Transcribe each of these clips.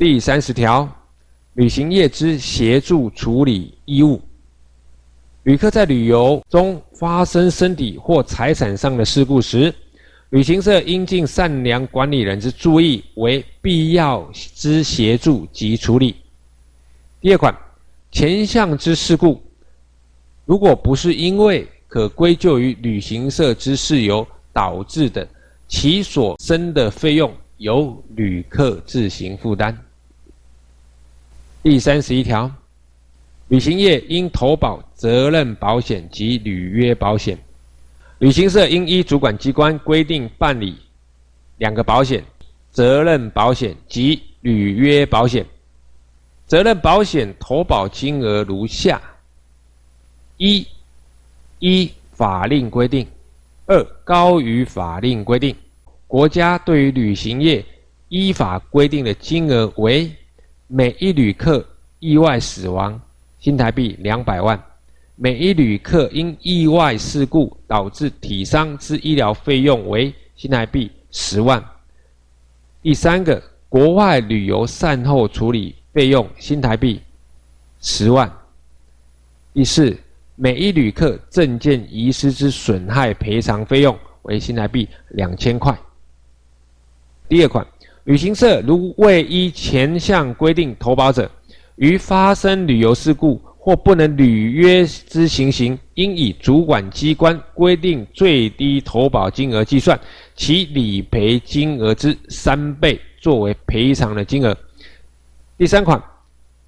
第三十條，旅行業之協助處理義務。旅客在旅遊中發生身體或財產上的事故時，旅行社應盡善良管理人之注意為必要之協助及處理。第二款，前項之事故，如果不是因為可歸咎於旅行社之事由導致的，其所生的費用由旅客自行負擔。第三十一條，旅行業應投保責任保險及履約保險。旅行社應依主管機關規定辦理兩個保險：責任保險及履約保險。責任保險投保金額如下：一、依法令規定；二、高於法令規定。國家對於旅行業依法規定的金額為。每一旅客意外死亡，新台幣兩百萬；每一旅客因意外事故導致體傷之醫療費用為新台幣十萬。第三個，國外旅游善後處理費用新台幣十萬。第四，每一旅客證件遺失之損害賠償費用為新台幣兩千塊。第二款。旅行社如未依前項規定投保者，於發生旅遊事故或不能履約之情形，應以主管機關規定最低投保金額計算其理賠金額之三倍作為賠償的金額。第三款，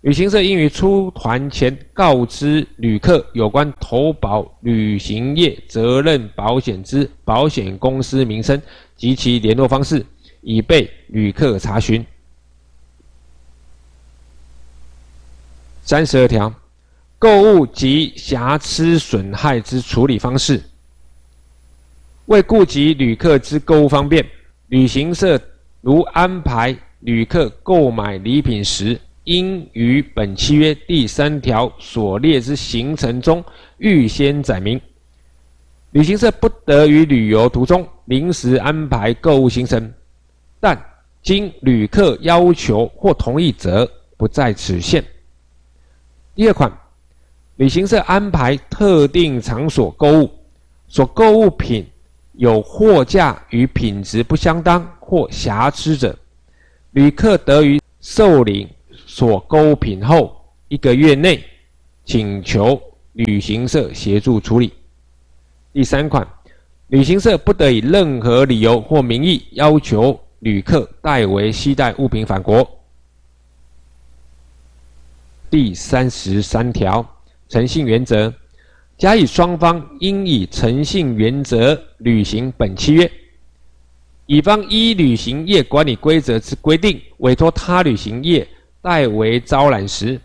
旅行社應於出團前告知旅客有關投保旅行業責任保險之保險公司名稱及其聯絡方式。以備旅客查詢。三十二條，購物及瑕疵損害之處理方式。為顧及旅客之購物方便，旅行社如安排旅客購買禮品時，應於本契約第三條所列之行程中預先載明。旅行社不得於旅遊途中臨時安排購物行程。但經旅客要求或同意，則不在此限。第二款，旅行社安排特定場所購物，所購物品有貨價與品質不相當或瑕疵者，旅客得於受領所購物品後一個月內，請求旅行社協助處理。第三款，旅行社不得以任何理由或名義要求。旅客代為攜帶物品返國。第三十三條，誠信原則：甲乙雙方應以誠信原則履行本契約。乙方依旅行業管理規則之規定，委托他旅行業代為招攬時，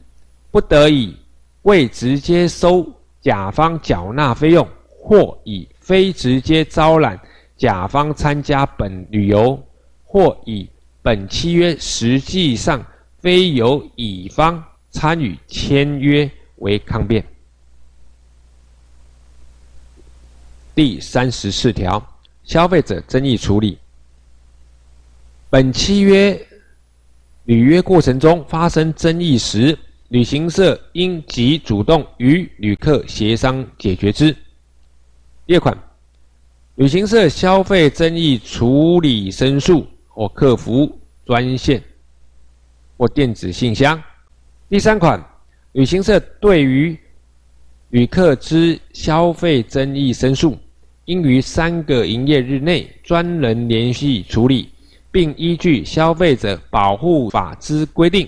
不得以未直接收甲方繳納費用，或以非直接招攬甲方參加本旅遊。或以本契約實際上非由乙方參與簽約為抗辯。第三十四條，消費者爭議處理。本契約履約過程中發生爭議時，旅行社應即主動與旅客協商解決之。第二款，旅行社消費爭議處理申訴。或客服專線，或電子信箱。第三款，旅行社對於旅客之消費爭議申訴，應於三個營業日內專人聯繫處理，並依據消費者保護法之規定，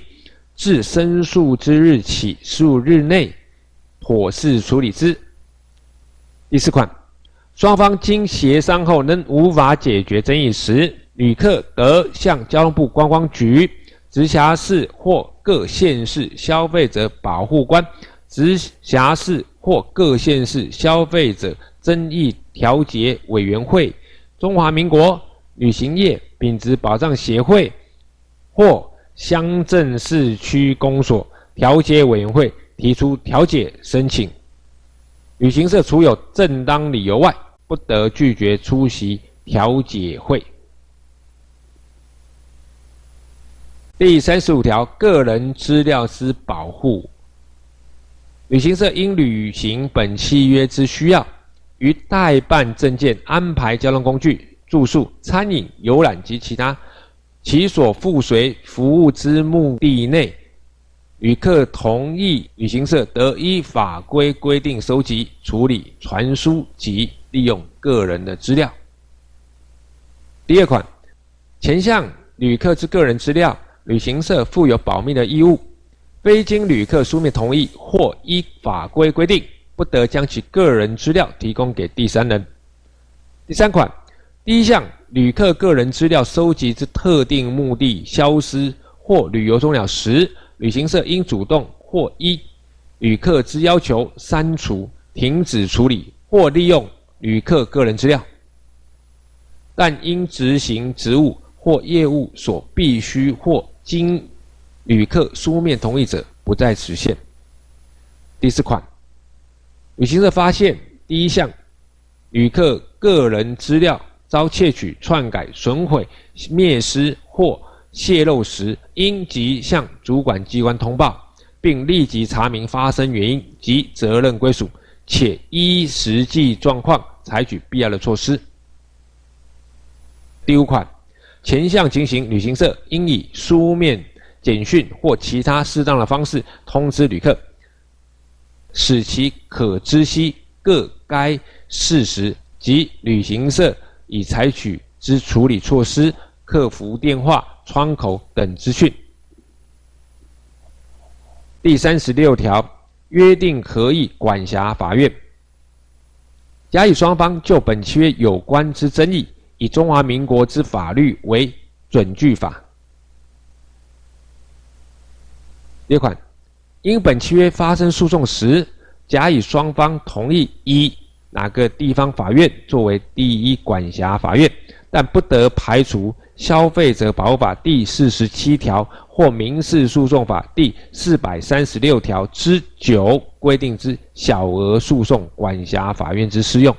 自申訴之日起十五日內妥善處理之。第四款，雙方經協商後仍無法解決爭議時。旅客得向交通部觀光局、直轄市或各縣市消費者保護官、直轄市或各縣市消費者爭議調解委員會、中華民國旅行業品質保障協會或鄉鎮市區公所調解委員會提出調解申請。旅行社除有正當理由外，不得拒絕出席調解會。第三十五條，個人資料之保護。旅行社因履行本契約之需要，於代辦證件、安排交通工具、住宿、餐飲、遊覽及其他其所附隨服務之目的內，旅客同意，旅行社得依法規規定收集、處理、傳輸及利用個人的資料。第二款，前項旅客之個人資料。旅行社負有保密的義務，非經旅客書面同意或依法規規定，不得將其個人資料提供給第三人。第三款第一項，旅客個人資料蒐集之特定目的消失或旅遊終了時，旅行社應主動或依旅客之要求刪除、停止處理或利用旅客個人資料。但因執行職務或業務所必須或經旅客書面同意者，不再實現。第四款，旅行社發現第一項旅客個人資料遭竊取、篡改、損毀、滅失或泄露時，應即向主管機關通報，並立即查明發生原因及責任歸屬，且依實際狀況採取必要的措施。第五款。前項情形，旅行社應以書面、簡訊或其他適當的方式通知旅客，使其可知悉各該事實及旅行社已採取之處理措施、客服電話、窗口等資訊。第三十六條，約定合意管轄法院，甲乙雙方就本契約有關之爭議，以中華民國之法律為準據法。第一款，因本契約發生訴訟時，甲乙雙方同意依哪個地方法院作為第一管轄法院，但不得排除消費者保護法第四十七條或民事訴訟法第四百三十六條之九規定之小額訴訟管轄法院之適用。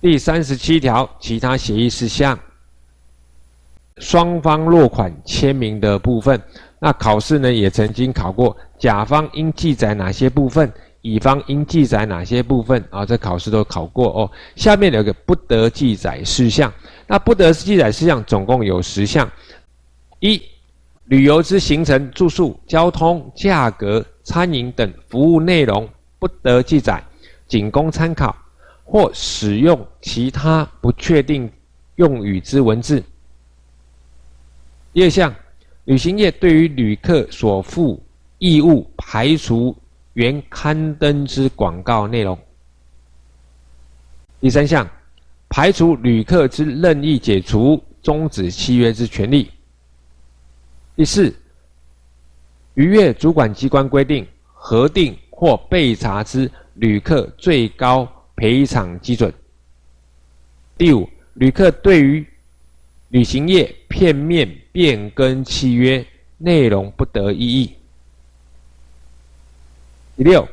第三十七條，其他協議事項，雙方落款簽名的部分。那考試呢，也曾經考過，甲方應記載哪些部分，乙方應記載哪些部分啊，哦？這考試都考過哦。下面有個不得記載事項，那不得記載事項總共有十項。一、旅遊之行程、住宿、交通、價格、餐飲等服務內容不得記載，僅供參考。或使用其他不確定用語之文字。第二項，旅行業對於旅客所負義務，排除原刊登之廣告內容。第三項，排除旅客之任意解除、終止契約之權利。第四，逾越主管機關規定核定或備查之旅客最高賠償基準。第五，旅客對於，旅行業片面變更契約內容不得異議。第六，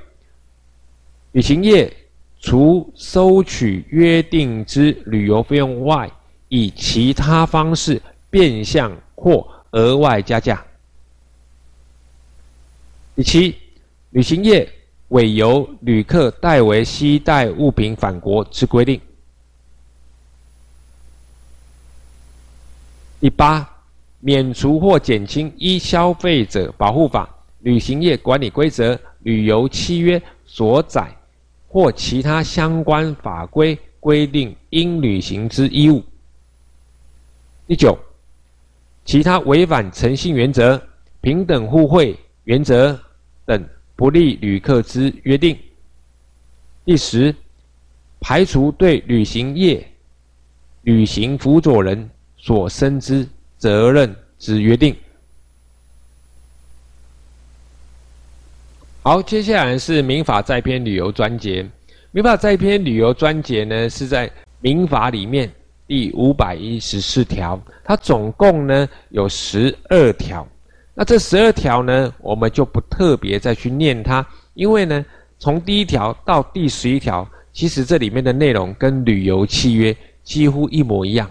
旅行業除收取約定之旅遊費用外，以其他方式變相或額外加價。第七，旅行業。委由旅客代為攜帶物品返國之規定。第八，免除或減輕依消費者保護法、旅行業管理規則、旅遊契約所載或其他相關法規規定應履行之義務。第九，其他違反誠信原則、平等互惠原則等。不利旅客之約定。第十，排除對旅行業、旅行輔佐人所生之責任之約定。好，接下來是民法債編旅遊專節。民法債編旅遊專節呢，是在民法裡面第五百一十四條，它總共呢有十二條。那這十二條呢，我們就不特別再去念它，因為呢，從第一條到第十一條，其實這裡面的內容跟旅遊契約幾乎一模一樣，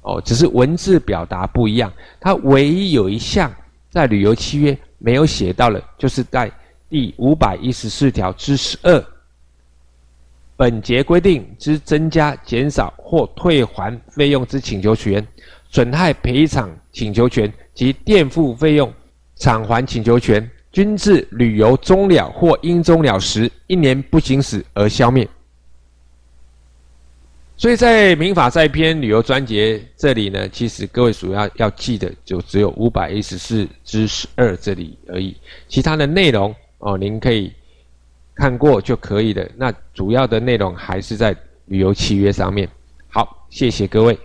哦，只是文字表達不一樣。它唯一有一項在旅遊契約沒有寫到了，就是在第五百一十四條之十二本節規定之增加、減少或退還費用之請求權、損害賠償請求權。及墊付費用、償還請求權，均自旅遊終了或因終了時一年不行使而消滅。所以在民法債編旅遊專節這裡呢，其實各位主要要記的就只有五百一十四之十二這裡而已，其他的內容哦，您可以看過就可以的。那主要的內容還是在旅遊契約上面。好，謝謝各位。